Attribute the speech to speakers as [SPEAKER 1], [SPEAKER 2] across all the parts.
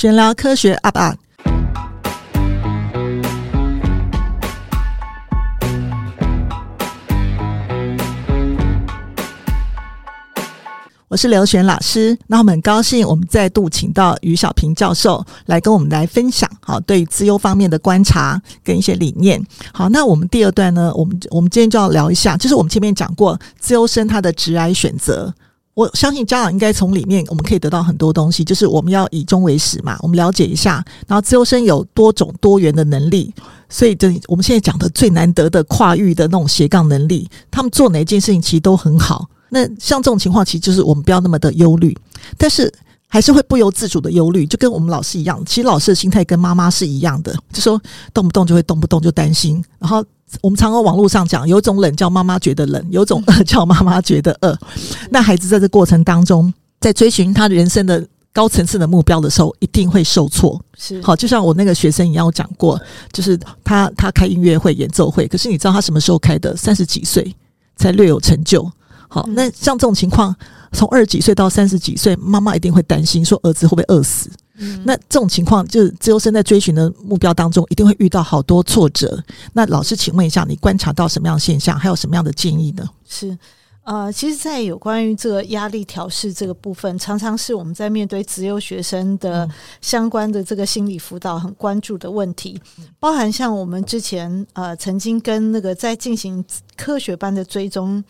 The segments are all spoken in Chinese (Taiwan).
[SPEAKER 1] 閒聊科學 UP UP，我是劉璇老師。那我們很高興，我們再度請到於曉平教授來跟我們來分享哈，對資優方面的觀察跟一些理念。好，那我們第二段呢，我們我們今天就要聊一下，就是我們前面講過資優生他的職業選擇。我相信家長應該從裡面，我們可以得到很多東西，就是我們要以終為始嘛。我們了解一下，然後資優生，有多種多元的能力，所以就我們現在講的最難得的跨域的那種斜槓能力，他們做哪一件事情其實都很好。那像這種情況，其實就是我們不要那麼的憂慮，但是還是會不由自主的憂慮，就跟我們老師一樣，其實老師的心態跟媽媽是一樣的，就說動不動就會動不動就擔心，然後。我們常常網絡上講，有一種冷叫媽媽覺得冷，有一種餓、呃、叫媽媽覺得餓。那孩子在這過程當中，在追尋他人生的高層次的目標的時候，一定會受挫。是好，就像我那個學生一樣，我講過，就是他他開音樂會、演奏會，可是你知道他什麼時候開的？三十幾歲才略有成就。好，嗯、那像這種情況，從二十幾歲到三十幾歲，媽媽一定會擔心，說兒子會不會餓死。那這種情況，就是資優生在追尋的目標當中，一定會遇到好多挫折。那老師，請問一下，你觀察到什麼樣的現象，還有什麼樣的建議呢？嗯、
[SPEAKER 2] 是，呃，其實，在有關於這個壓力調試這個部分，常常是我們在面對資優學生的相關的這個心理輔導很關注的問題，包含像我們之前呃曾經跟那個在進行科學班的追蹤。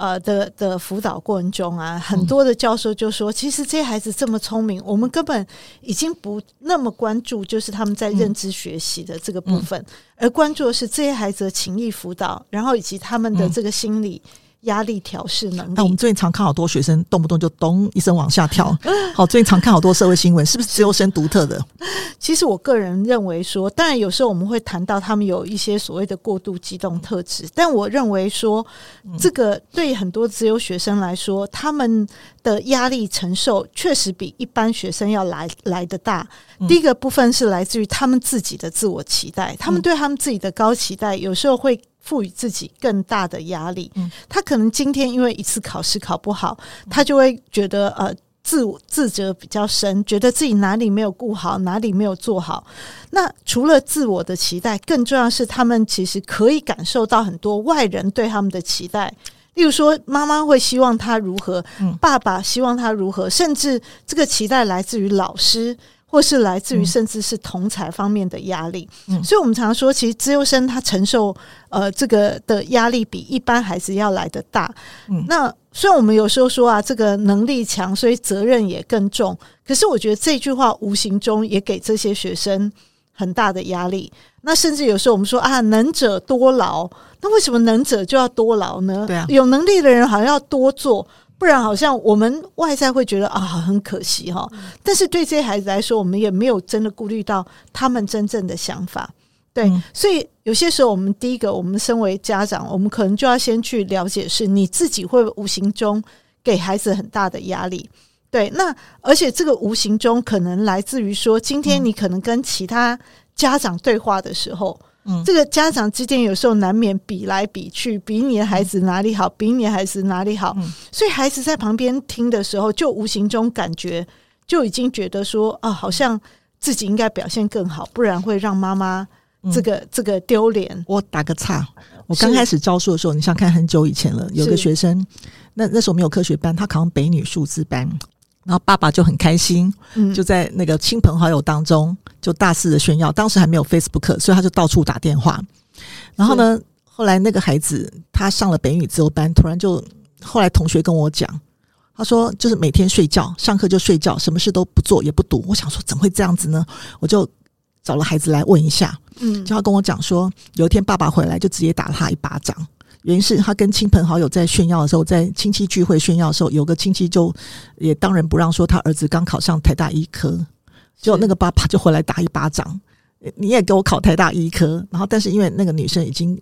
[SPEAKER 2] 呃的的輔導過程中啊，很多的教授就說，嗯、其實這些孩子這麼聰明，我們根本已經不那麼關注，就是他們在認知學習的這個部分，嗯、而關注的是這些孩子的情意輔導，然後以及他們的這個心理。嗯壓力調適能力。那、啊、我們最
[SPEAKER 1] 近常看好多學生動不動就咚一聲往下跳。 好，最近常看好多社會新聞，是不是資優生獨特的？
[SPEAKER 2] 其實我個人認為說，當然有時候我們會談到他們有一些所謂的過度激動特質，嗯、但我認為說，這個對很多資優學生來說，他們的壓力承受確實比一般學生要來來得大。嗯、第一個部分是來自於他們自己的自我期待，他們對他們自己的高期待，嗯、有時候會。賦予自己更大的壓力，他可能今天因為一次考試考不好，他就會覺得呃自我自責比較深，覺得自己哪裡沒有顧好，哪裡沒有做好。那除了自我的期待，更重要是他們其實可以感受到很多外人對他們的期待，例如說媽媽會希望他如何，爸爸希望他如何，甚至這個期待來自於老師。或是來自於甚至是同儕方面的壓力，嗯、所以，我們常說，其實資優生他承受呃這個的壓力比一般孩子要來得大。嗯、那雖然我們有時候說啊，這個能力強，所以責任也更重，可是我覺得這句話無形中也給這些學生很大的壓力。那甚至有時候我們說啊，能者多勞，那為什麼能者就要多勞呢？對啊，有能力的人好像要多做。不然好像我們外在會覺得啊，很可惜哈、哦，但是對這些孩子來說，我們也沒有真的顧慮到他們真正的想法。對，嗯、所以有些時候我們第一個，我們身為家長，我們可能就要先去了解，是你自己會無形中給孩子很大的壓力。對，那而且這個無形中可能來自於說，今天你可能跟其他家長對話的時候。嗯、這個家長之間有時候難免比來比去，比你的孩子哪裡好，比你的孩子哪裡好，嗯、所以孩子在旁邊聽的時候，就無形中感覺就已經覺得說，哦、啊，好像自己應該表現更好，不然會讓媽媽這個、嗯、這個丟臉。我
[SPEAKER 1] 打個岔，我剛開始教書的時候，是你想看很久以前了，有個學生，是那那時候沒有科學班，他考北女數資班。然後爸爸就很開心，就在那個親朋好友當中、嗯、就大肆的炫耀。當時還沒有 Facebook，所以他就到處打電話。然後呢，是後來那個孩子他上了北女資優班，突然就後來同學跟我講，他說就是每天睡覺，上課就睡覺，什麼事都不做也不讀。我想說怎麼會這樣子呢？我就找了孩子來問一下，嗯，就他跟我講說，有一天爸爸回來就直接打他一巴掌。原因是他跟親朋好友在炫耀的時候，在親戚聚會炫耀的時候，有個親戚就也當仁不讓說他兒子剛考上台大醫科，結果那個爸爸就回來打一巴掌，你也給我考台大醫科。然後但是因為那個女生已經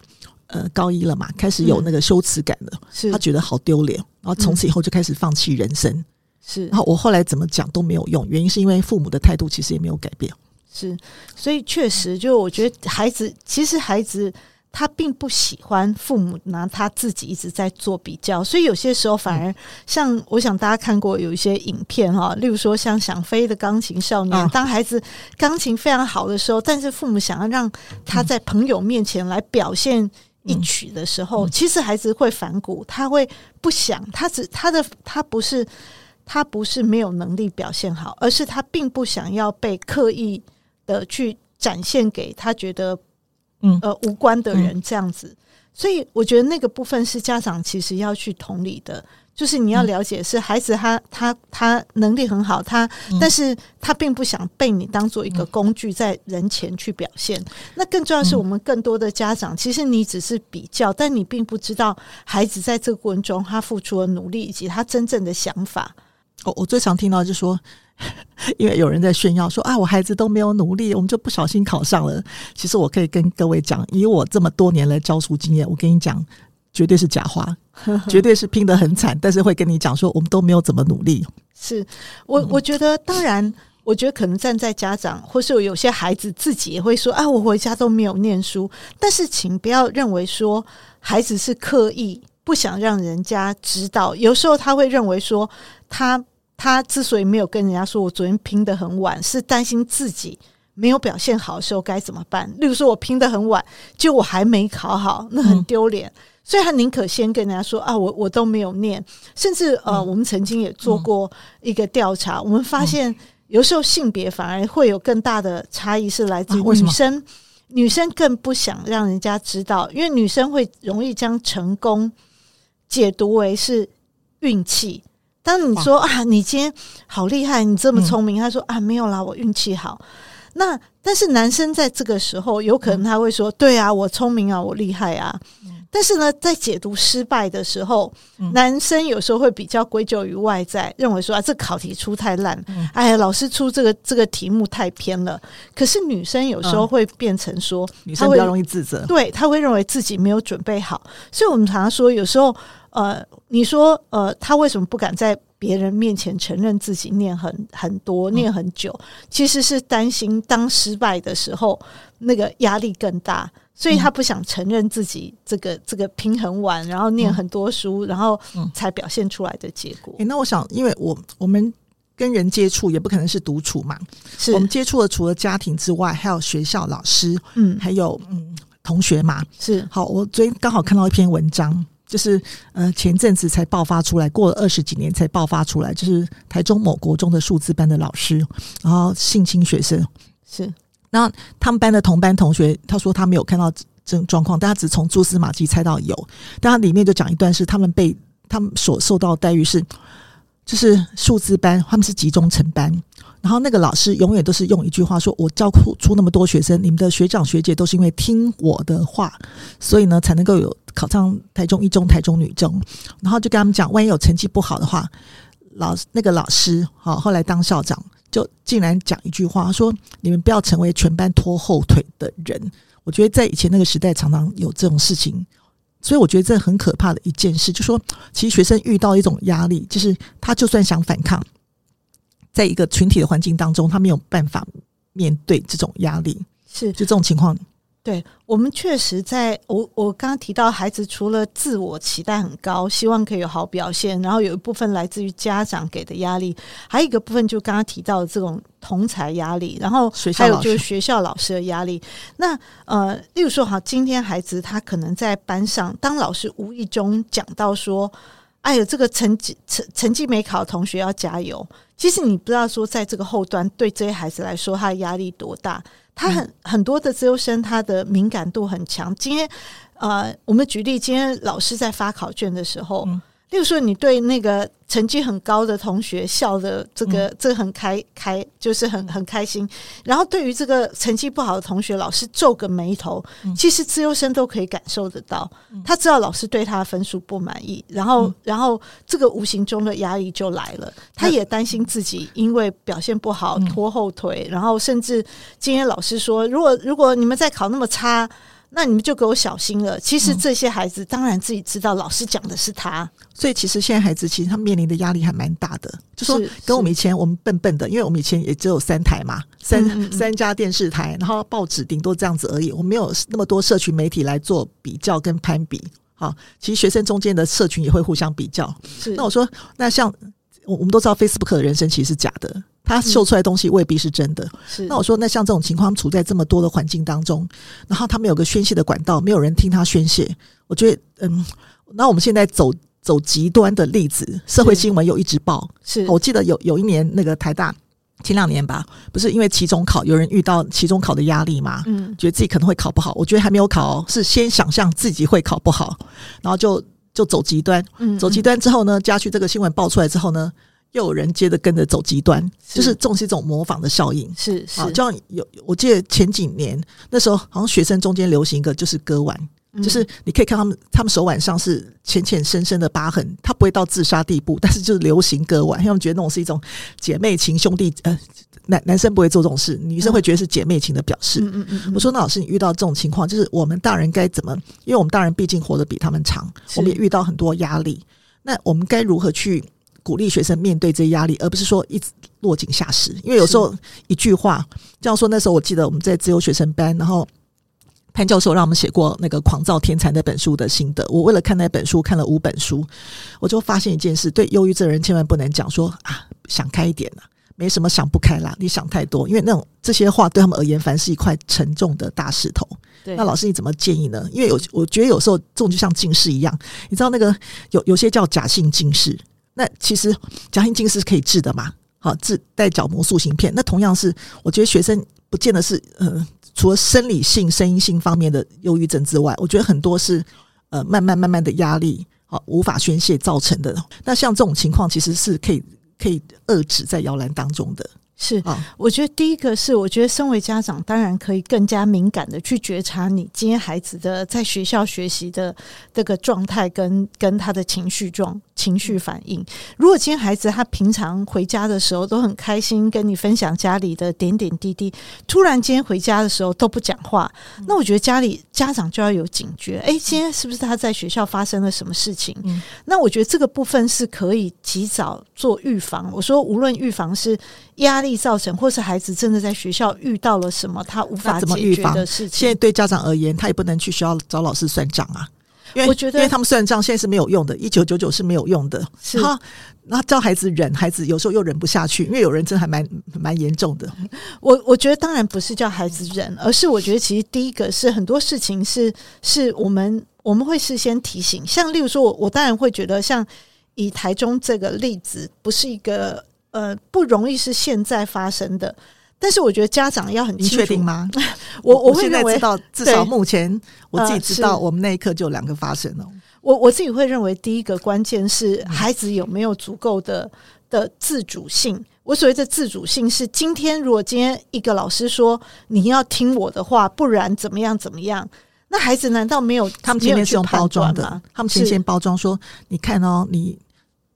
[SPEAKER 1] 呃高一了嘛，開始有那個羞恥感了，嗯、是他覺得好丟臉，然後從此以後就開始放棄人生，嗯、
[SPEAKER 2] 是然後我
[SPEAKER 1] 後來怎麼講都沒有用，原因是因為父母的態度其實也沒有改變，
[SPEAKER 2] 是所以確實就我覺得孩子其實孩子。他並不喜歡父母拿他自己一直在做比較，所以有些時候反而像我想大家看過有一些影片哈，例如說像《想飛的鋼琴少年》，當孩子鋼琴非常好的時候，但是父母想要讓他在朋友面前來表現一曲的時候，其實孩子會反骨，他會不想，他只，他的，他不是，他不是沒有能力表現好，而是他並不想要被刻意的去展現給他覺得。嗯，呃，無關的人這樣子，嗯、所以我覺得那個部分是家長其實要去同理的，就是你要了解是孩子他他他能力很好，他、嗯、但是他並不想被你當做一個工具在人前去表現。嗯、那更重要是，我們更多的家長、嗯、其實你只是比較，但你並不知道孩子在這個過程中他付出了努力以及他真正的想法。我、哦、我最常聽到就說。
[SPEAKER 1] 因為有人在炫耀，說啊，我孩子都沒有努力，我們就不小心考上了。其實我可以跟各位講，以我這麼多年來教書經驗，我跟你講，絕對是假話，絕對是拼得很慘。但是會跟你講說，我們都沒有怎麼努力。
[SPEAKER 2] 是我，我覺得、嗯、當然，我覺得可能站在家長或是有些孩子自己也會說啊，我回家都沒有念書。但是請不要認為說孩子是刻意不想讓人家知道。有時候他會認為說他。他之所以沒有跟人家說，我昨天拼得很晚，是擔心自己沒有表現好的時候該怎麼辦。例如說我拼得很晚，結果我還沒考好，那很丟臉。嗯、所以他寧可先跟人家說啊，我我都沒有念。甚至呃，嗯、我們曾經也做過一個調查，嗯、我們發現有時候性別反而會有更大的差異，是來自於女生。啊、為什麼？女生更不想讓人家知道，因為女生會容易將成功解讀為是運氣。當你說啊，啊，你今天好厲害，你這麼聰明，嗯、他說啊，沒有啦，我運氣好。那但是男生在這個時候，有可能他會說，嗯、對啊，我聰明啊，我厲害啊。但是呢，在解讀失敗的時候，嗯、男生有時候會比較歸咎於外在，認為說啊，這考題出太爛，哎、嗯，老師出這個這個題目太偏了。可是女生有時候會變成說，嗯、會女生比較容易自責，對，她會認為自己沒有準備好。所以我們常常說，有時候呃，你說呃，她為什麼不敢在別人面前承認自己念很很多，念很久，嗯、其實是擔心當失敗的時候，那個壓力更大。所以他不想承認自己這個這個拼很晚，然後念很多書，然後才表現出來的結果。嗯
[SPEAKER 1] 欸，那我想，因為我我們跟人接觸也不可能是獨處嘛，是我們接觸的除了家庭之外，還有學校老師，嗯，還有嗯同學嘛。是好，我昨天剛好看到一篇文章，就是呃前陣子才爆發出來，過了二十幾年才爆發出來，就是台中某國中的數資班的老師，然後性侵學生，是。那他們班的同班同學，他說他沒有看到這種狀況，但他只從蛛絲馬跡猜到有。但他裡面就講一段是他們被他們所受到的待遇是，就是數字班，他們是集中成班。然後那個老師永遠都是用一句話說：“我教出那麼多學生，你們的學長學姐都是因為聽我的話，所以呢才能夠有考上台中一中、台中女中。”然後就跟他們講，萬一有成績不好的話，老那個老師好後來當校長，就竟然講一句話，說你們不要成為全班拖後腿的人。我覺得在以前那個時代，常常有這種事情，所以我覺得這很可怕的一件事，就說其實學生遇到一種壓力，就是他就算想反抗，在一個群體的環境當中，他沒有辦法面對這種壓力。是。就這種情況。
[SPEAKER 2] 對，我們確實在，在我我剛剛提到，孩子除了自我期待很高，希望可以有好表現，然後有一部分來自於家長給的壓力，還有一個部分就剛剛提到的這種同才壓力，然後還有就是學校老師，學校老師的壓力。那呃，例如說，好，今天孩子他可能在班上，當老師無意中講到說：“哎呦，這個成績成成績沒考同學要加油。”其實你不知道說，在這個後端對這些孩子來說，他的壓力多大。他很、嗯、很多的資優生，他的敏感度很強。今天，呃，我們舉例，今天老師在發考卷的時候。嗯例如說，你對那個成績很高的同學笑的這個，嗯、這個很開開，就是很、嗯、很開心。然後對於這個成績不好的同學，老師皺個眉頭，嗯、其實資優生都可以感受得到。嗯、他知道老師對他的分數不滿意，然後，嗯、然後這個無形中的壓力就來了。他也擔心自己因為表現不好、嗯、拖後腿，然後甚至今天老師說，如果如果你們再考那麼差。那你們就給我小心了。其實這些孩子當然自己知道，老師講的是他、嗯。所以其實現在孩子其實他
[SPEAKER 1] 面臨的壓力還蠻大的，就說是跟我們以前是我們笨笨的，因為我們以前也只有三台嘛，三嗯嗯三家電視台，然後報紙頂多這樣子而已。我們沒有那麼多社群媒體來做比較跟攀比。好、啊，其實學生中間的社群也會互相比較。是那我說，那像。我我們都知道 Facebook 的人生其實是假的，他秀出來的東西未必是真的。嗯、是。那我說，那像這種情況，處在這麼多的環境當中，然後他們有個宣洩的管道，沒有人聽他宣洩。我覺得，嗯，那我們現在走走極端的例子，社會新聞又一直報。是，我記得有有一年那個台大前兩年吧，不是因為期中考，有人遇到期中考的壓力嘛？嗯，覺得自己可能會考不好。我覺得還沒有考，嗯、是先想象自己會考不好，然後就。就走極端，走極端之後呢，家許這個新聞爆出來之後呢，又有人接着跟着走極端，是，就是重視一種模仿的效應。是，是，是，就像有我記得前幾年那時候，好像學生中間流行一個就是割腕。就是你可以看他們，他們手腕上是淺淺深深的疤痕，他不會到自殺地步，但是就是流行割腕，因為他們覺得那種是一種姐妹情兄弟呃男男生不會做這種事，女生會覺得是姐妹情的表示。嗯嗯，嗯嗯嗯。我說那老師，你遇到這種情況，就是我們大人該怎麼？因為我們大人畢竟活得比他們長，是我們也遇到很多壓力，那我們該如何去鼓勵學生面對這些壓力，而不是說一直落井下石？因為有時候一句話這樣說，那時候我記得我們在資優學生班，然後。潘教授讓我們寫過那個《狂躁天才》那本書的心得。我為了看那本書，看了五本書，我就發現一件事，對憂鬱症人，千萬不能講說啊，想開一點了，啊，沒什麼想不開啦。你想太多，因為那種這些話對他們而言，凡是一塊沉重的大石頭。對，那老師你怎麼建議呢？因為有，我覺得有時候這種就像近視一樣，你知道那個有有些叫假性近視，那其實假性近視是可以治的嘛。好，治戴角膜塑形片，那同樣是，我覺得學生不見得是嗯。呃除了生理性、生因性方面的憂鬱症之外，我覺得很多是呃慢慢、慢慢的壓力，好、啊、無法宣洩造成的。那像這種情況，其實是可以可以遏制在搖籃當中的。是，
[SPEAKER 2] 嗯、我覺得第一個是，我覺得身為家長，當然可以更加敏感的去覺察你今天孩子的在學校學習的這個狀態跟，跟跟他的情緒狀、情緒反應。如果今天孩子他平常回家的時候都很開心，跟你分享家裡的點點滴滴，突然今天回家的時候都不講話，那我覺得家裡家長就要有警覺，哎、嗯，今天是不是他在學校發生了什麼事情？嗯、那我覺得這個部分是可以及早做預防。我說，無論預防是壓力造成，或是孩子真的在學校遇到了什麼，他無法解決的事情。
[SPEAKER 1] 現在對家長而言，他也不能去學校找老師算賬啊。因為我覺得，因為他們算賬，現在是沒有用的。一九九九是沒有用的。是啊，然後叫孩子忍，孩子有時候又忍不下去。因為有人真的還蠻蠻嚴重的。
[SPEAKER 2] 我我覺得當然不是叫孩子忍，而是我覺得其實第一個是很多事情是是我們我們會事先提醒。像例如說我我當然會覺得，像以台中這個例子，不是一個。呃，不容易是現在發生的，但是我覺得家長要很清楚，你確定嗎？ 我我,我會認為我現在知道，至少目前
[SPEAKER 1] 對我自己知道，我們那一刻就有兩個發生了、喔呃。
[SPEAKER 2] 我我自己會認為，第一個關鍵是孩子有沒有足夠的、啊、的自主性。我所謂的自主性是，今天如果今天一個老師說你要聽我的話，不然怎麼樣怎麼樣，那孩子難道沒有？他們前面是用包裝的，嗎他們先先
[SPEAKER 1] 包裝說，你看哦、喔，你。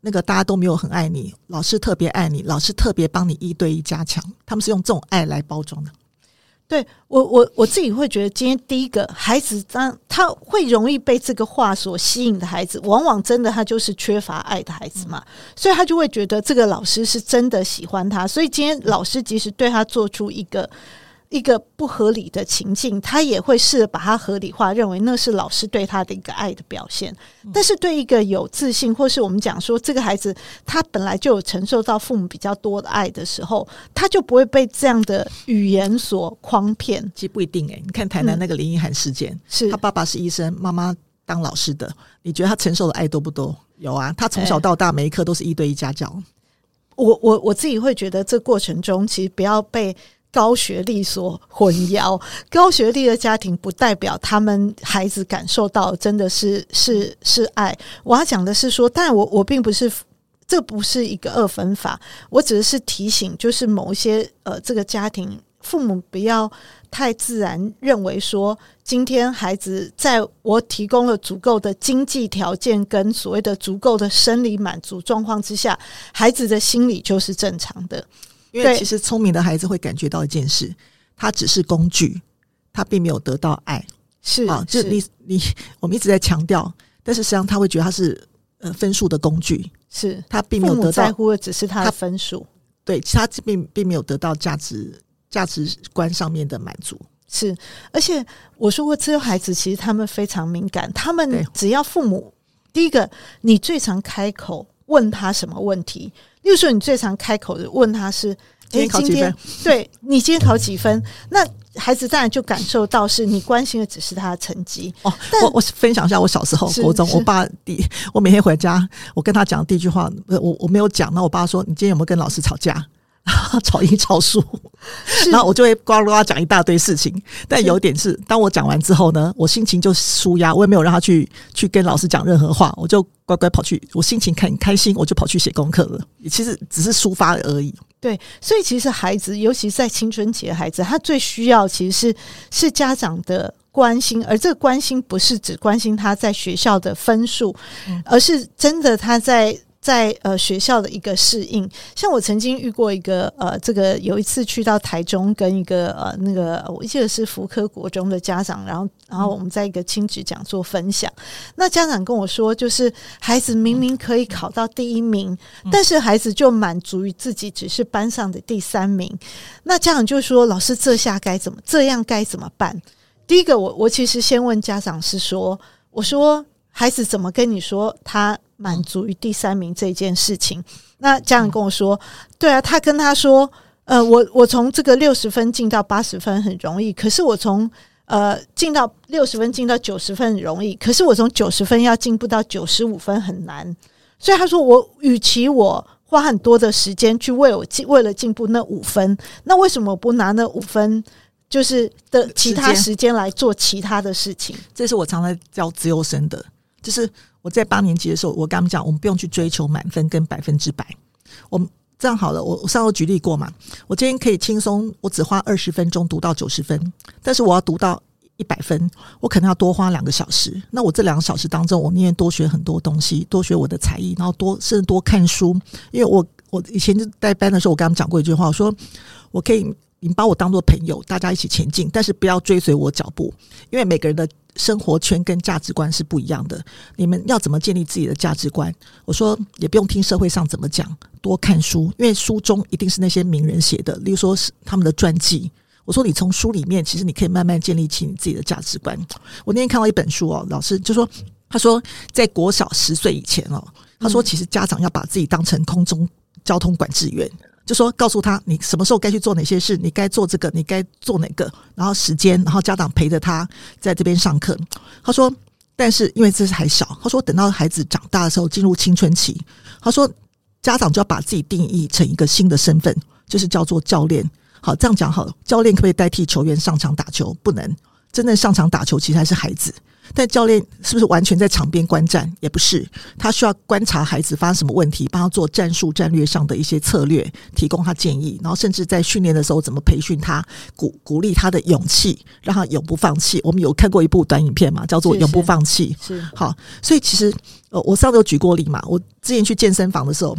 [SPEAKER 1] 那個大家都沒有很愛你，老師特別愛你，老師特別幫你一對一加強，他們是用這種愛來
[SPEAKER 2] 包裝的。對，我，我我自己會覺得，今天第一個孩子，當他會容易被這個話所吸引的孩子，往往真的他就是缺乏愛的孩子嘛，嗯、所以他就會覺得這個老師是真的喜歡他，所以今天老師其實對他做出一個。一個不合理的情境，他也會試着把它合理化，認為那是老師對他的一個愛的表現。但是，對一個有自信，或是我們講說這個孩子，他本來就有承受到父母比較多的愛的時候，他就不會被這樣的語言所誆騙，其實不一定哎、欸，你看
[SPEAKER 1] 台南那個林奕含事件，嗯、是他爸爸是醫生，媽媽當老師的，你覺得他承受的愛多不多？有啊，他從小到大每一科都是一對一家教。欸、
[SPEAKER 2] 我我我自己會覺得，這過程中其實不要被。高學歷所混淆，高學歷的家庭不代表他們孩子感受到真的是是是愛。我要講的是說，但我我並不是，這不是一個二分法，我只是提醒，就是某一些呃，這個家庭父母不要太自然認為說，今天孩子在我提供了足夠的經濟條件跟所謂的足夠的生理滿足狀況之下，孩子的心理就是正常的。因為其實聰
[SPEAKER 1] 明的孩子會感覺到一件事，他只是工具，他並沒有得到愛。是啊，就你是你我們一直在強調，但是實際上他會覺得他是呃分數的工具，是他並沒有得到，在乎
[SPEAKER 2] 的只是他的分數。對，其他並並沒有得到價值價值觀上面的滿足。是，而且我說過，這些孩子其實他們非常敏感，他們只要父母對第一個，你最常開口問他什麼問題？又說你最常開口的問他是，哎，今天考幾分、欸、今天對，你今天考幾分？那孩子當然就感受到是你關心的只是他的成績哦。但我
[SPEAKER 1] 我分享一下我小時候國中，高中我爸第我每天回家我跟他講的第一句話，我我沒有講，那我爸說，你今天有沒有跟老師吵架？抄一抄書，是然後我就會呱，呱呱講一大堆事情，但有一點是，是當我講完之後呢，我心情就舒壓，我也沒有讓他去去跟老師講任何話，我就乖乖跑去，我心情很開心，我就跑去寫功課了。其實只是抒發而已。
[SPEAKER 2] 對，所以其實孩子，尤其在青春期的孩子，他最需要其實是是家長的關心，而這個關心不是只關心他在學校的分數，嗯、而是真的他在。在呃學校的一個適應，像我曾經遇過一個呃，這個有一次去到台中跟一個呃那個，我記得是福科國中的家長，然後然後我們在一個親子講座分享，嗯、那家長跟我說，就是孩子明明可以考到第一名，嗯、但是孩子就滿足於自己只是班上的第三名，嗯、那家長就說老師，這下該怎麼，這樣該怎麼辦？第一個我我其實先問家長是說，我說孩子怎麼跟你說他？滿足於第三名這件事情，那家長跟我說：“對啊，他跟他說，呃，我我從這個六十分進到八十分很容易，可是我從呃進到六十分進到九十分很容易，可是我從九十分要進步到九十五分很難。所以他說我，我與其我花很多的時間去為我進為了進步那五分，那為什麼不拿那五分就是的其他時間來做其他的事情？這
[SPEAKER 1] 是我常在教資優生的。”就是我在八年級的時候，我跟他們講，我們不用去追求滿分跟百分之百。我們這樣好了，我我上次舉例過嘛，我今天可以輕鬆，我只花二十分鐘讀到九十分，但是我要讀到一百分，我可能要多花兩個小時。那我這兩個小時當中，我寧願多學很多東西，多學我的才藝，然後多甚至多看書。因為我我以前就帶班的時候，我跟他們講過一句話，我說我可以。你把我當作朋友，大家一起前進，但是不要追隨我腳步，因為每個人的生活圈跟價值觀是不一樣的。你們要怎麼建立自己的價值觀？我說也不用聽社會上怎麼講，多看書，因為書中一定是那些名人寫的，例如說是他們的傳記。我說你從書裡面，其實你可以慢慢建立起你自己的價值觀。我那天看到一本書哦，老師就說，他說在國小十歲以前哦，他說其實家長要把自己當成空中交通管制員。嗯就說告訴他，你什麼時候該去做哪些事，你該做這個，你該做哪個，然後時間，然後家長陪着他在這邊上課。他說，但是因為這是還小，他說等到孩子長大的時候進入青春期，他說家長就要把自己定義成一個新的身份，就是叫做教練。好，這樣講好，教練可不可以代替球員上場打球？不能，真正上場打球其實還是孩子。但教練是不是完全在場邊觀戰？也不是，他需要觀察孩子發生什麼問題，幫他做戰術、戰略上的一些策略，提供他建議，然後甚至在訓練的時候怎麼培訓他，鼓鼓勵他的勇氣，讓他永不放棄。我們有看過一部短影片嘛，叫做《永不放棄》。是，是，是。好，所以其實呃，我上次有舉過例嘛，我之前去健身房的時候，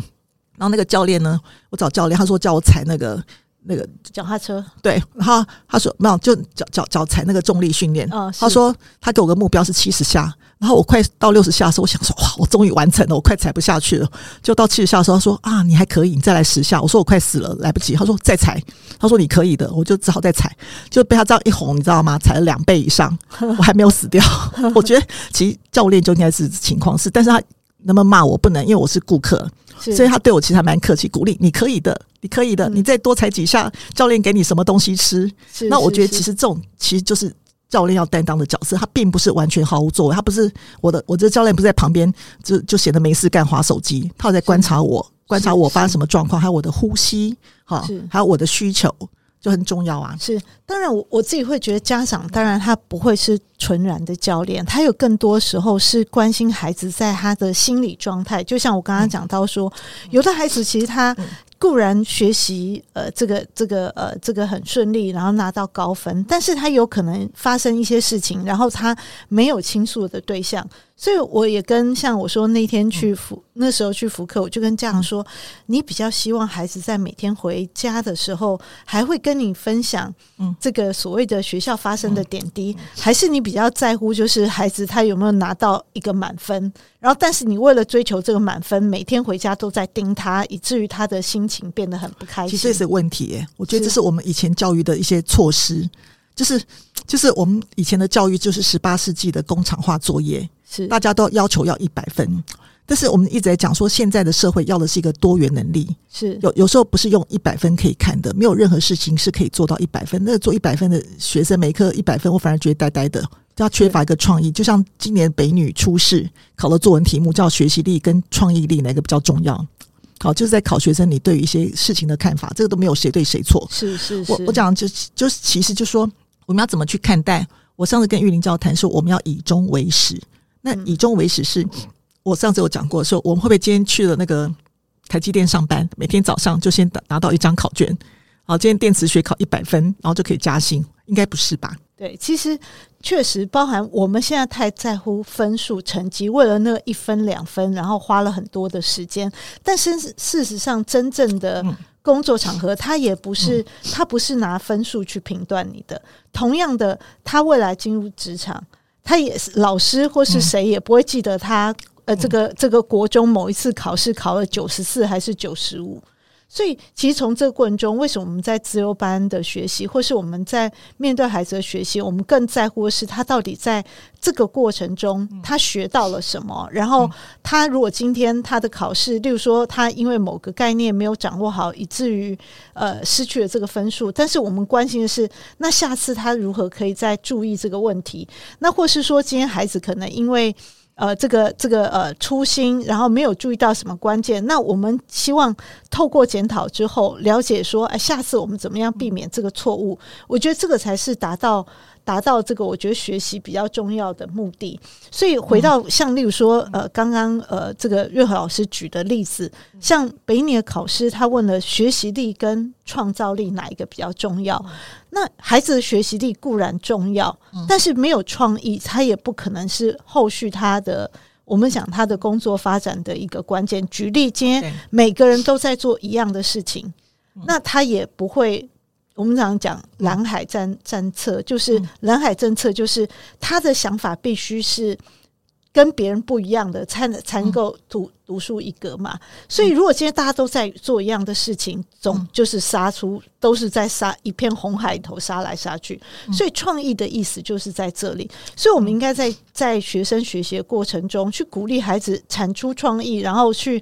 [SPEAKER 1] 然後那個教練呢，我找教練，他說叫我踩那個。那個腳踏車，對，然後他說沒有，就腳腳腳踩那個重力訓練。啊、哦，他說他給我個目標是七十下，然後我快到六十下的時候，我想說哇，我終於完成了，我快踩不下去了。就到七十下的時候，他說啊，你還可以，你再來十下。我說我快死了，來不及。他說再踩，他說你可以的，我就只好再踩。就被他這樣一哄，你知道嗎？踩了兩倍以上，我還沒有死掉。 我覺得其實教練就應該是情況是，但是他能不能罵我？不能，因為我是顧客。所以他對我其實還蠻客氣，鼓勵你可以的，你可以的，嗯、你再多踩幾下，教練給你什麼東西吃？是那我覺得其實這種其實就是教練要擔當的角色，他並不是完全毫無作為，他不是我的，我這個教練不是在旁邊就就顯得沒事幹，滑手機，他有在觀察我，是觀察我發生什麼狀況，還有我的呼吸，哈，還有我的需求。就很重要啊，
[SPEAKER 2] 是，當然我，我我自己會覺得家長當然他不會是純然的教練，他有更多時候是關心孩子在他的心理狀態。就像我剛剛講到說，嗯、有的孩子其實他固然學習呃這個這個呃這個很順利，然後拿到高分，但是他有可能發生一些事情，然後他沒有傾訴的對象。所以，我也跟像我說那天去福、嗯、那時候去福克，我就跟家長說，嗯、你比較希望孩子在每天回家的時候，還會跟你分享，嗯，這個所謂的學校發生的點滴，嗯、還是你比較在乎，就是孩子他有沒有拿到一個滿分？然後，但是你為了追求這個滿分，每天回家都在盯他，以至於他的心情變得很不開心。其實
[SPEAKER 1] 這是問題、欸，我覺得這是我們以前教育的一些措施，就是。就是我們以前的教育，就是十八世紀的工廠化作業，是大家都要求要一百分。但是我們一直在講說，現在的社會要的是一個多元能力，是有有時候不是用一百分可以看的，沒有任何事情是可以做到一百分。那個、做一百分的學生，每科一百分，我反而覺得呆呆的，就要缺乏一個創意。對就像今年北女初試考了作文題目，叫“學習力跟創意力哪個比較重要”？好，就是在考學生你對於一些事情的看法，這個都沒有誰對誰錯。是，是
[SPEAKER 2] 是，我我講
[SPEAKER 1] 就就其實就說。我們要怎麼去看待？我上次跟玉林教授說，我們要以終為始。那以終為始是我上次有講過，說我們會不會今天去了那個台積電上班，每天早上就先拿拿到一張考卷，好，今天電磁學考一百分，然後就可以加薪，應該不是吧？
[SPEAKER 2] 對，其實確實包含我們現在太在乎分數成績，為了那個一分兩分，然後花了很多的時間，但是事實上真正的、嗯。工作場合，他也不是，他不是拿分數去評斷你的。嗯、同樣的，他未來進入職場，他也是老師或是誰也不會記得他，嗯、呃，這個這個國中某一次考試考了九十四還是九十五。所以，其實從這個過程中，為什麼我們在資優班的學習，或是我們在面對孩子的學習，我們更在乎的是他到底在這個過程中，他學到了什麼？然後，他如果今天他的考試，例如說他因為某個概念沒有掌握好，以至於呃失去了這個分數，但是我們關心的是，那下次他如何可以再注意這個問題？那或是說，今天孩子可能因為。呃，這個這個呃，粗心，然後沒有注意到什麼關鍵。那我們希望透過檢討之後，了解說，哎、呃，下次我們怎麼樣避免這個錯誤？我覺得這個才是達到。達到這個我覺得學習比較重要的目的，所以回到像例如說呃，剛剛呃這個瑞和老師舉的例子，像北影的考試他問了學習力跟創造力哪一個比較重要？那孩子的學習力固然重要，但是沒有創意，他也不可能是後續他的我們講他的工作發展的一個關鍵。舉例，今天每個人都在做一樣的事情，那他也不會。我們常常講藍海戰戰策，就是藍海政策，就是他的想法必須是跟別人不一樣的，才才能夠獨樹一格嘛。所以，如果今天大家都在做一樣的事情，總就是殺出都是在殺一片紅海裡頭殺來殺去。所以，創意的意思就是在這裡。所以我們應該在在學生學習的過程中去鼓勵孩子產出創意，然後去。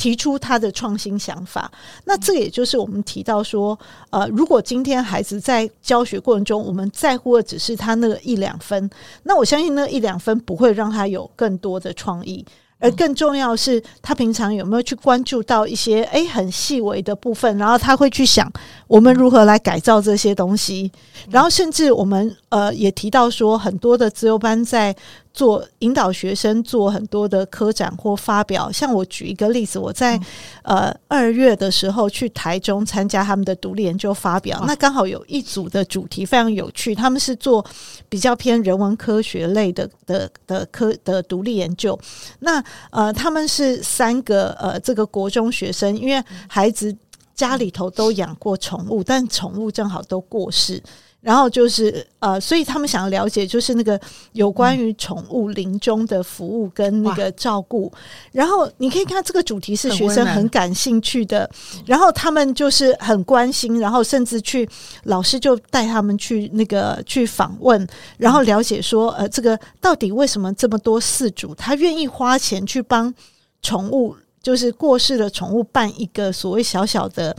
[SPEAKER 2] 提出他的創新想法，那這也就是我們提到說，呃，如果今天孩子在教學過程中，我們在乎的只是他那個一兩分，那我相信那一兩分不會讓他有更多的創意，而更重要的是，他平常有沒有去關注到一些誒、欸、很細微的部分，然後他會去想我們如何來改造這些東西，然後甚至我們呃也提到說，很多的資優班在。做引導學生做很多的科展或發表，像我舉一個例子，我在，嗯，呃，二月的時候去台中參加他們的獨立研究發表，那剛好有一組的主題非常有趣，他們是做比較偏人文科學類的的的科的獨立研究，那呃他們是三個呃這個國中學生，因為孩子家裡頭都養過寵物，但寵物正好都過世。然後就是呃，所以他們想要了解，就是那個有關於寵物臨終的服務跟那個照顧。嗯、然後你可以看這個主題是學生很感興趣的，然後他們就是很關心，然後甚至去老師就帶他們去那個去訪問，然後了解說，呃，這個到底為什麼這麼多飼主他願意花錢去幫寵物，就是過世的寵物辦一個所謂小小的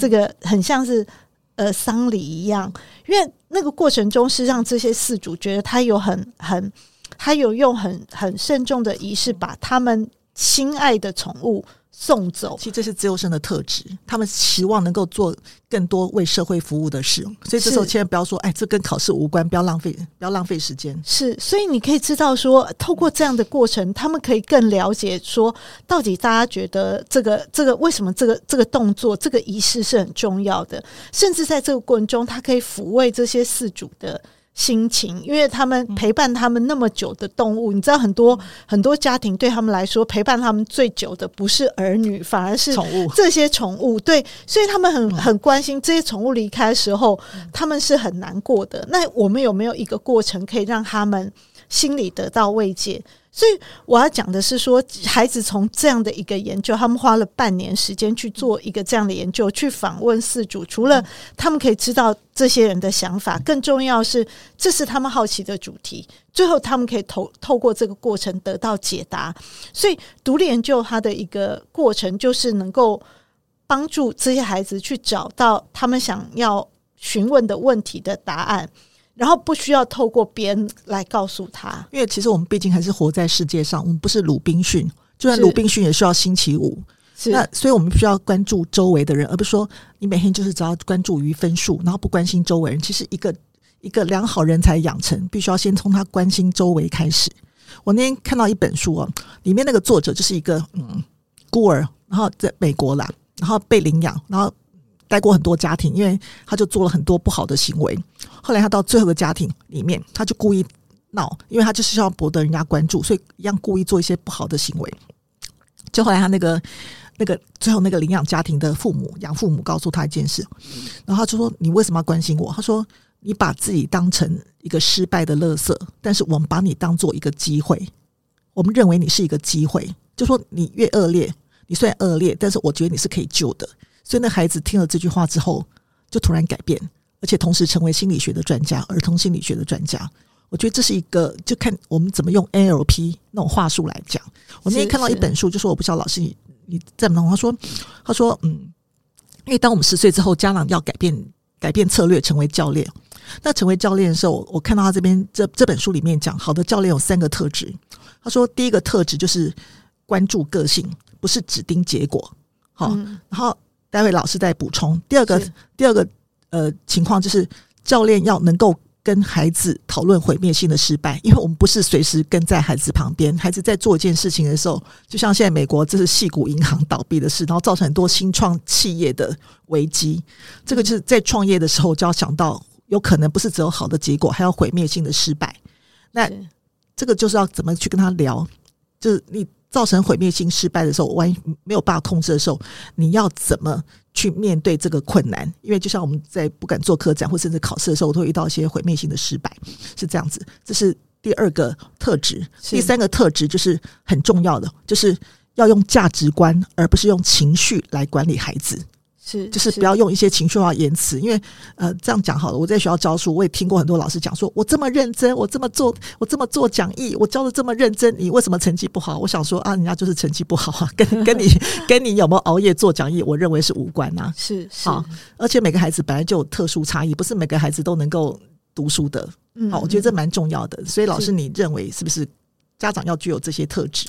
[SPEAKER 2] 這個，很像是。呃，喪禮一樣，因為那個過程中是讓這些飼主覺得他有很很，他有用很很慎重的儀式，把他們心愛的寵物。送走。其實
[SPEAKER 1] 這是資優生的特質，他們希望能夠做更多為社會服務的事，所以這時候千萬不要說，哎是，這跟考試無關，不要浪費，不要浪費時間。
[SPEAKER 2] 是，所以你可以知道說，透過這樣的過程，他們可以更了解說，到底大家覺得這個這個為什麼這個這個動作這個儀式是很重要的，甚至在這個過程中，他可以撫慰這些事主的。心情，因為他們陪伴他們那麼久的動物，你知道很多很多家庭對他們來說，陪伴他們最久的不是兒女，反而是寵物，這些寵物。對，所以他們很很關心這些寵物離開的時候，他們是很難過的。那我們有沒有一個過程，可以讓他們心裡得到慰藉？所以我要講的是說，孩子從這樣的一個研究，他們花了半年時間去做一個這樣的研究，去訪問四組。除了他們可以知道這些人的想法，更重要是，這是他們好奇的主題。最後，他們可以透透過這個過程得到解答。所以，獨立研究它的一個過程，就是能夠幫助這些孩子去找到他們想要詢問的問題的答案。然後不需要透過別人來告訴他，
[SPEAKER 1] 因為其實我們畢竟還是活在世界上，我們不是魯濱遜，就算魯濱遜也需要星期五。是那所以我們需要關注周圍的人，而不是說你每天就是只要關注於分數，然後不關心周圍人。其實一個一個良好人才養成，必須要先從他關心周圍開始。我那天看到一本書哦，裡面那個作者就是一個嗯孤兒，然後在美國啦，然後被領養，然後。待過很多家庭，因為他就做了很多不好的行為。後來他到最後的家庭裡面，他就故意鬧，因為他就是要博得人家關注，所以一樣故意做一些不好的行為。就後來他那個那個最後那個領養家庭的父母養父母告訴他一件事，然後他就說：“你為什麼要關心我？”他說：“你把自己當成一個失敗的垃圾，但是我們把你當做一個機會，我們認為你是一個機會，就說你越惡劣，你雖然惡劣，但是我覺得你是可以救的。”所以，那孩子聽了這句話之後，就突然改變，而且同時成為心理學的專家，兒童心理學的專家。我覺得這是一個，就看我們怎麼用 NLP 那種話術來講。是是。我那天看到一本書，就說我不知道老師你你在哪。他說，他說，嗯，因為當我們十歲之後，家長要改變改變策略，成為教練。那成為教練的時候，我，我看到他這邊這這本書裡面講，好的教練有三個特質。他說，第一個特質就是關注個性，不是只盯結果。
[SPEAKER 2] 好，哦，嗯，然
[SPEAKER 1] 後。待會老師再補充。第二個，是第二個呃情況就是，教練要能夠跟孩子討論毀滅性的失敗，因為我們不是隨時跟在孩子旁邊。孩子在做一件事情的時候，就像現在美國這是矽谷銀行倒閉的事，然後造成很多新創企業的危機。這個就是在創業的時候就要想到，有可能不是只有好的結果，還有毀滅性的失敗。那是這個就是要怎麼去跟他聊？就是你。造成毀滅性失敗的時候，萬一沒有辦法控制的時候，你要怎麼去面對這個困難？因為就像我們在不敢做科展或甚至考試的時候，我都會遇到一些毀滅性的失敗，是這樣子。這是第二個特質，是第三個特質就是很重要的，就是要用價值觀而不是用情緒來管理孩子。
[SPEAKER 2] 是，是就是不要用
[SPEAKER 1] 一些情緒化言辭，因為呃，這樣講好了。我在學校教書，我也聽過很多老師講，說我這麼認真，我這麼做，我這麼做講義，我教得這麼認真，你為什麼成績不好？我想說啊，人家就是成績不好啊，跟你 跟你跟你有沒有熬夜做講義，我認為是無關吶、啊。是、是、哦，而且每個孩子本來就有特殊差異，不是每個孩子都能夠讀書的。好嗯嗯、哦，我覺得這蠻重要的。所以老師，是你認為是不是家長要具有這些特質？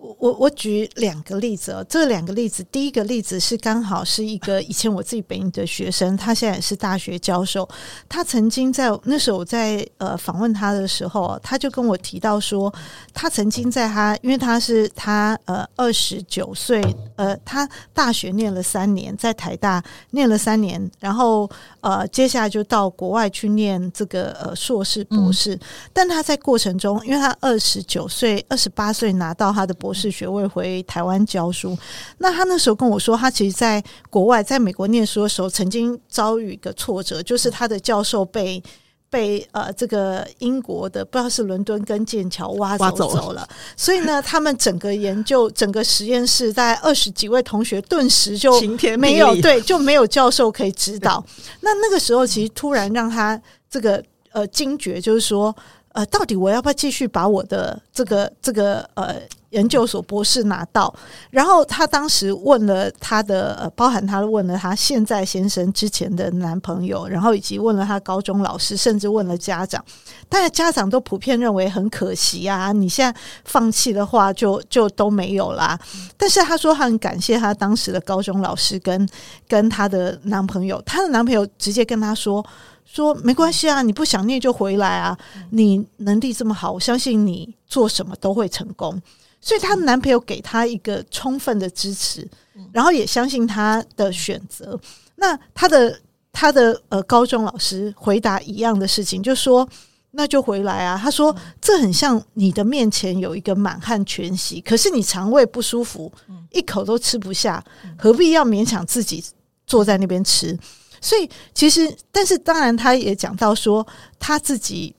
[SPEAKER 2] 我我我舉兩個例子哦，這兩個例子，第一個例子是剛好是一個以前我自己本營的學生，他現在是大學教授。他曾經在那時候我在呃訪問他的時候，他就跟我提到說，他曾經在他因為他是他呃二十九歲，呃他大學念了三年，在台大念了三年，然後呃接下來就到國外去念這個呃碩士博士，嗯，但他在過程中，因為他二十九歲，二十八歲拿到他的博士博士學位回臺灣教書，那他那時候跟我說，他其實在國外，在美國念書的時候，曾經遭遇一個挫折，就是他的教授被被呃，這個英國的不知道是倫敦跟劍橋挖走走了，走了，所以呢，他們整個研究整個實驗室在二十幾位同學頓時就沒有對就沒有教授可以指導。對那那個時候，其實突然讓他這個呃驚覺，就是說呃，到底我要不要繼續把我的這個這個呃。研究所博士拿到，然後他當時問了他的，呃，包含他問了他現在先生之前的男朋友，然後以及問了他高中老師，甚至問了家長。但是家長都普遍認為很可惜啊，你現在放棄的話就，就就都沒有啦，啊。但是他說他很感謝他當時的高中老師跟跟他的男朋友，他的男朋友直接跟他說說沒關係啊，你不想念就回來啊，你能力這麼好，我相信你做什麼都會成功。所以她的男朋友給她一個充分的支持，嗯、然後也相信她的選擇。那她的她的呃高中老師回答一樣的事情，就說：“那就回來啊。”他說：“嗯、這很像你的面前有一個滿漢全席，可是你腸胃不舒服，嗯、一口都吃不下，何必要勉強自己坐在那邊吃？”所以其實，但是當然，他也講到說他自己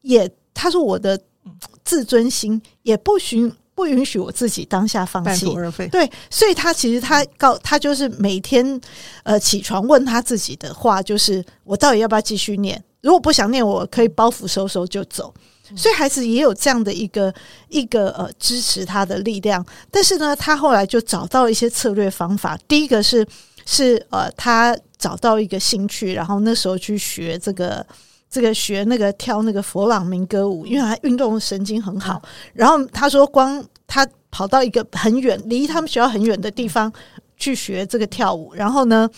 [SPEAKER 2] 也他說我的。自尊心也不允不允許我自己當下放棄，對，所以他其實他告他就是每天呃起床問他自己的話，就是我到底要不要繼續念？如果不想念，我可以包袱收收就走。嗯，所以孩子也有這樣的一個一個呃支持他的力量，但是呢，他後來就找到一些策略方法。第一個是是呃，他找到一個興趣，然後那時候去學這個。這個學那個跳，那個佛朗明哥舞，因為他運動神經很好。嗯、然後他說，光他跑到一個很遠，離他們學校很遠的地方去學這個跳舞，然後呢，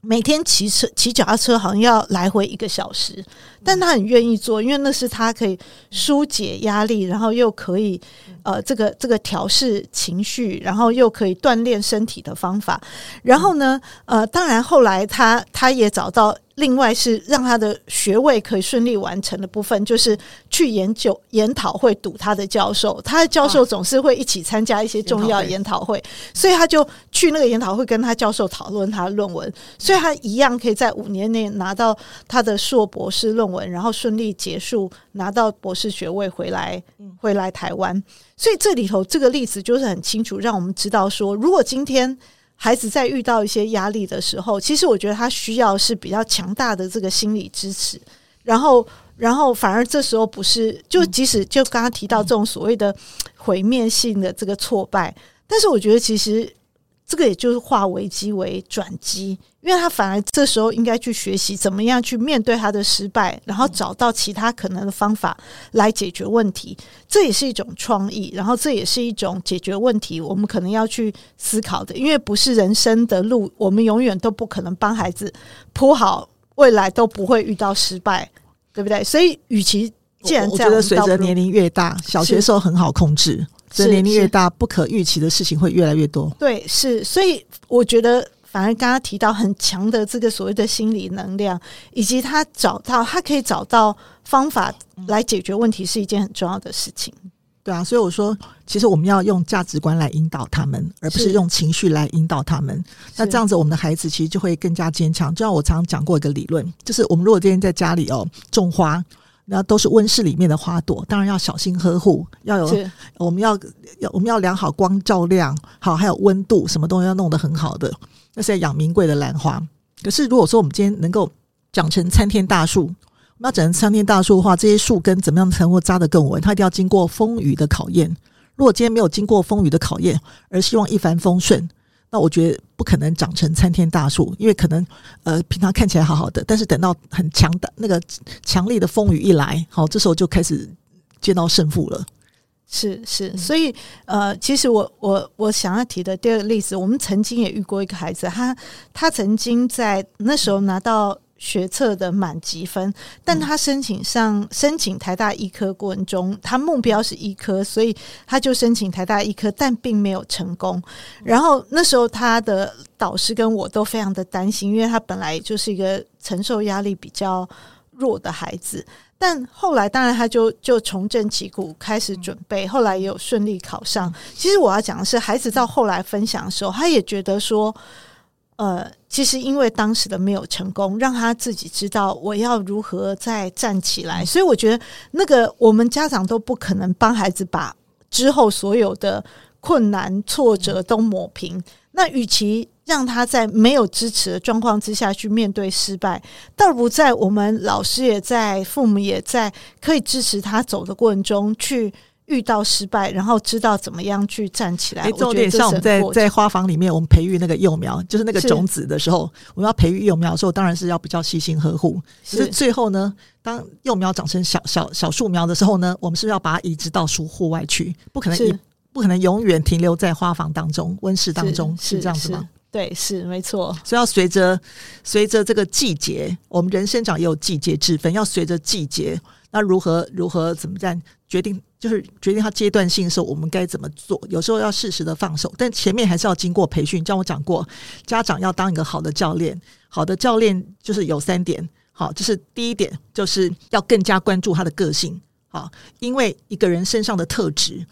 [SPEAKER 2] 每天騎車騎腳踏車，好像要來回一個小時。但他很願意做，因為那是他可以紓解壓力，然後又可以呃，這個這個調適情緒，然後又可以鍛鍊身體的方法。然後呢，呃，當然後來他他也找到另外是讓他的學位可以順利完成的部分，就是去研究研討會，堵他的教授，他的教授總是會一起參加一些重要研討會，所以他就去那個研討會跟他教授討論他的論文，所以他一樣可以在五年內拿到他的碩博士論文。然後順利結束，拿到博士學位回來，回來台灣。所以這裡頭這個例子就是很清楚，讓我們知道說，如果今天孩子在遇到一些壓力的時候，其實我覺得他需要是比較強大的這個心理支持。然後，然後反而這時候不是，就即使就剛剛提到這種所謂的毀滅性的這個挫敗，但是我覺得其實。這個也就是化危機為轉機，因為他反而這時候應該去學習怎麼樣去面對他的失敗，然後找到其他可能的方法來解決問題。這也是一種創意，然後這也是一種解決問題我們可能要去思考的，因為不是人生的路，我們永遠都不可能幫孩子鋪好，未來都不會遇到失敗，對不對？所以，與其既然這樣，我我覺得隨着年齡越大，小學時候
[SPEAKER 1] 很好控制。是年齡越大，是不可預期的事情會越來越多。
[SPEAKER 2] 對，是，所以我覺得，反而剛剛提到很強的這個所謂的心理能量，以及他找到他可以找到方法來解決問題，是一件很重要的事情。嗯，
[SPEAKER 1] 對啊，所以我說，其實我們要用價值觀來引導他們，而不是用情緒來引導他們。是那這樣子，我們的孩子其實就會更加堅強。就像我常常講過一個理論，就是我們如果今天在家裡哦種花。那都是溫室裡面的花朵，當然要小心呵護，要有是我們要要我們要良好光照亮，好，還有溫度，什麼東西要弄得很好的。那是要養名貴的蘭花。可是如果說我們今天能夠長成參天大樹，我們要長成參天大樹的話，這些樹根怎麼樣才能夠扎得更穩？它一定要經過風雨的考驗。如果今天沒有經過風雨的考驗，而希望一帆風順。那我覺得不可能長成參天大樹，因為可能呃平常看起來好好的，但是等到很強的那個強力的風雨一來，好、哦，這時候就開始見到勝負了。
[SPEAKER 2] 是是，所以呃，其實我我我想要提的第二個例子，我們曾經也遇過一個孩子，他他曾經在那時候拿到。學測的滿級分，但他申請上、嗯、申請台大醫科過程中，他目標是醫科，所以他就申請台大醫科，但並沒有成功。然後那時候他的導師跟我都非常的擔心，因為他本來就是一個承受壓力比較弱的孩子。但後來當然他就就重振旗鼓，開始準備，嗯、後來也有順利考上。其實我要講的是，孩子到後來分享的時候，他也覺得說。呃，其實因為當時的沒有成功，讓他自己知道我要如何再站起來。嗯、所以我覺得，那個我們家長都不可能幫孩子把之後所有的困難挫折都抹平。嗯、那與其讓他在沒有支持的狀況之下去面對失敗，倒不在我們老師也在父母也在可以支持他走的過程中去。遇到失敗，然後知道怎麼樣去站起來。有點像我們在在
[SPEAKER 1] 花房裡面，我們培育那個幼苗，就是那個種子的時候，是我們要培育幼苗的時候，當然是要比較細心呵護。是，是最後呢，當幼苗長成小小小樹苗的時候呢，我們是不是要把它移植到樹戶外去？不可能，是不可能永遠停留在花房當中、溫室當中，是，是這樣子嗎？
[SPEAKER 2] 對，是沒錯。
[SPEAKER 1] 所以要隨着隨着這個季節，我們人生長也有季節之分，要隨着季節。那如何如何，怎麼在決定就是決定他階段性的時候，我們該怎麼做？有時候要適時的放手，但前面還是要經過培訓。像我講過，家長要當一個好的教練，好的教練就是有三點。好，這是就是第一點，就是要更加關注他的個性。好，因為一個人身上的特質。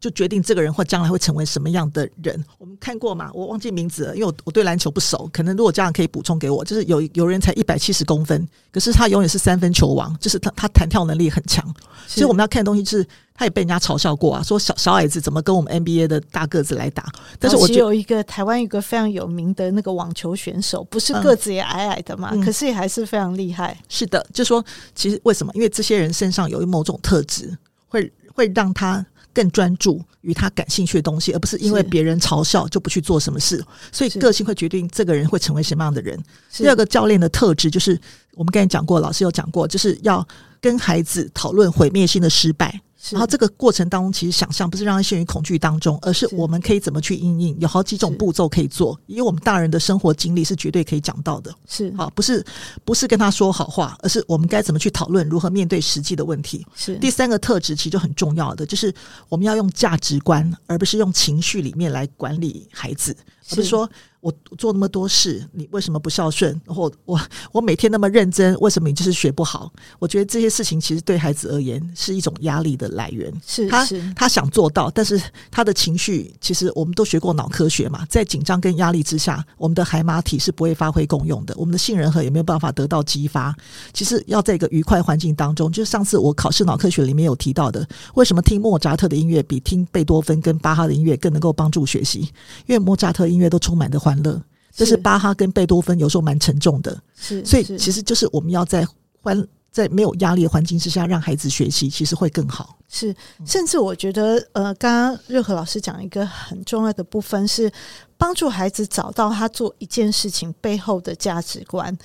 [SPEAKER 1] 就決定這個人或將來會成為什麼樣的人。我們看過嘛。我忘記名字了，因為我我對籃球不熟。可能如果家長可以補充給我，就是有有人才一百七十公分，可是他永遠是三分球王，就是他他彈跳能力很強。是所以我們要看的東西就是，他也被人家嘲笑過啊，說小小矮子怎麼跟我們 NBA 的大個子來打？但是我覺得，我有
[SPEAKER 2] 一個台灣一個非常有名的那個網球選手，不是個子也矮矮的嘛，嗯、可是也還是非常厲害、
[SPEAKER 1] 嗯。是的，就說其實為什麼？因為這些人身上有一某種特質，會會讓他。更專注於他感興趣的東西，而不是因為別人嘲笑就不去做什麼事。是所以個性會決定這個人會成為什麼樣的人。是第二個教練的特質，就是我們剛才講過，老師有講過，就是要跟孩子討論毀滅性的失敗。是然後這個過程當中，其實想象不是讓他陷於恐懼當中，而是我們可以怎麼去因應。有好幾種步驟可以做，是因為我們大人的生活經歷是絕對可以講到的。是，好、啊，不是不是跟他說好話，而是我們該怎麼去討論如何面對實際的問題。是，第三個特質其實就很重要的，就是我們要用價值觀，而不是用情緒裡面來管理孩子，而不是說。是我做那麼多事，你為什麼不孝順？然後我我每天那麼認真，為什麼你就是學不好？我覺得這些事情其實對孩子而言是一種壓力的來源。是他他想做到，但是他的情緒，其實我們都學過腦科學嘛，在緊張跟壓力之下，我們的海馬體是不會發揮功用的，我們的杏仁核也沒有辦法得到激發。其實要在一個愉快環境當中，就是上次我考試腦科學裡面有提到的，為什麼聽莫扎特的音樂比聽貝多芬跟巴哈的音樂更能夠幫助學習？因為莫扎特音樂都充滿的歡樂，這是巴哈跟貝多芬有時候蠻沉重的，
[SPEAKER 2] 是，是，所以其
[SPEAKER 1] 實就是我們要在歡在沒有壓力的環境之下，讓孩子學習，其實會更好。
[SPEAKER 2] 是，甚至我覺得，呃，剛剛任何老師講一個很重要的部分是幫助孩子找到他做一件事情背後的價值觀。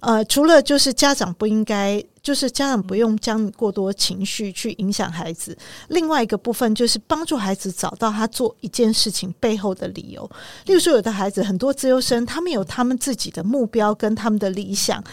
[SPEAKER 2] 呃，除了就是家長不應該。就是家長不用將過多情緒去影響孩子。嗯、另外一個部分就是幫助孩子找到他做一件事情背後的理由。嗯、例如說，有的孩子很多資優生，他們有他們自己的目標跟他們的理想。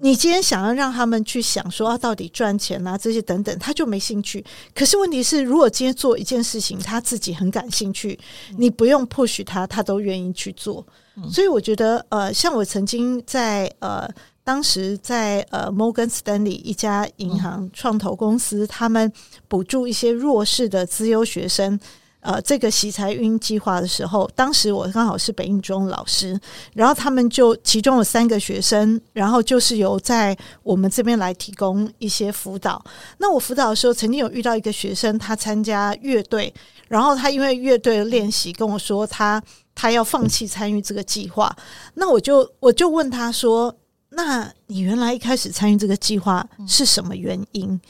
[SPEAKER 2] 你今天想要讓他們去想說、啊、到底賺錢啊這些等等，他就沒興趣。可是問題是，如果今天做一件事情，他自己很感興趣，嗯、你不用 push 他，他都願意去做。嗯、所以我覺得，呃，像我曾經在呃。當時在呃，Morgan Stanley 一家銀行創投公司，嗯、他們補助一些弱勢的資優學生，呃，這個喜財運計劃的時候，當時我剛好是北一中老師，然後他們就其中有三個學生，然後就是由在我們這邊來提供一些輔導。那我輔導的時候，曾經有遇到一個學生，他參加樂隊，然後他因為樂隊練習跟我說他，他他要放棄參與這個計劃。那我就我就問他說。那你原來一開始參與這個計劃、嗯、是什麼原因？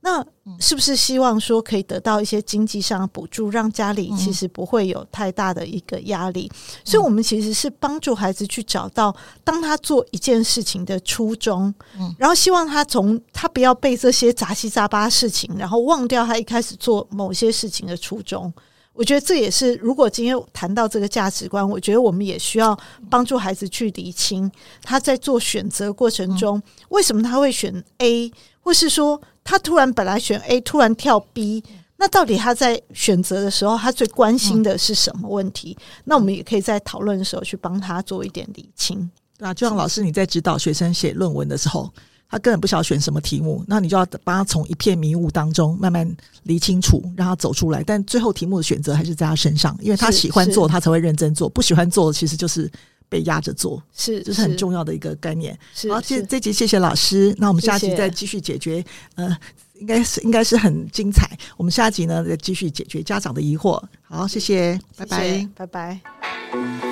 [SPEAKER 2] 那是不是希望說可以得到一些經濟上的補助，讓家裡其實不會有太大的一個壓力？嗯、所以，我們其實是幫助孩子去找到當他做一件事情的初衷，嗯、然後希望他從他不要被這些雜七雜八事情，然後忘掉他一開始做某些事情的初衷。我覺得這也是，如果今天談到這個價值觀，我覺得我們也需要幫助孩子去理清他在做選擇過程中，為什麼他會選 A，或是說他突然本來選 A，突然跳 B，那到底他在選擇的時候，他最關心的是什麼問題？那我們也可以在討論的時候去幫他做一點理清。
[SPEAKER 1] 那、啊、就像老師你在指導學生寫論文的時候。他根本不曉得選什麼題目，那你就要把他從一片迷霧當中慢慢理清楚，讓他走出來。但最後題目的選擇還是在他身上，因為他喜歡做，他才會認真做；不喜歡做，其實就是被壓着做。
[SPEAKER 2] 是，這是很重
[SPEAKER 1] 要的一個概念。是好，這是這集謝謝老師，那我們下集再繼續解決。謝謝呃，應該是應該是很精彩。我們下集呢再繼續解決家長的疑惑。好，謝謝，謝謝拜拜，
[SPEAKER 2] 拜拜。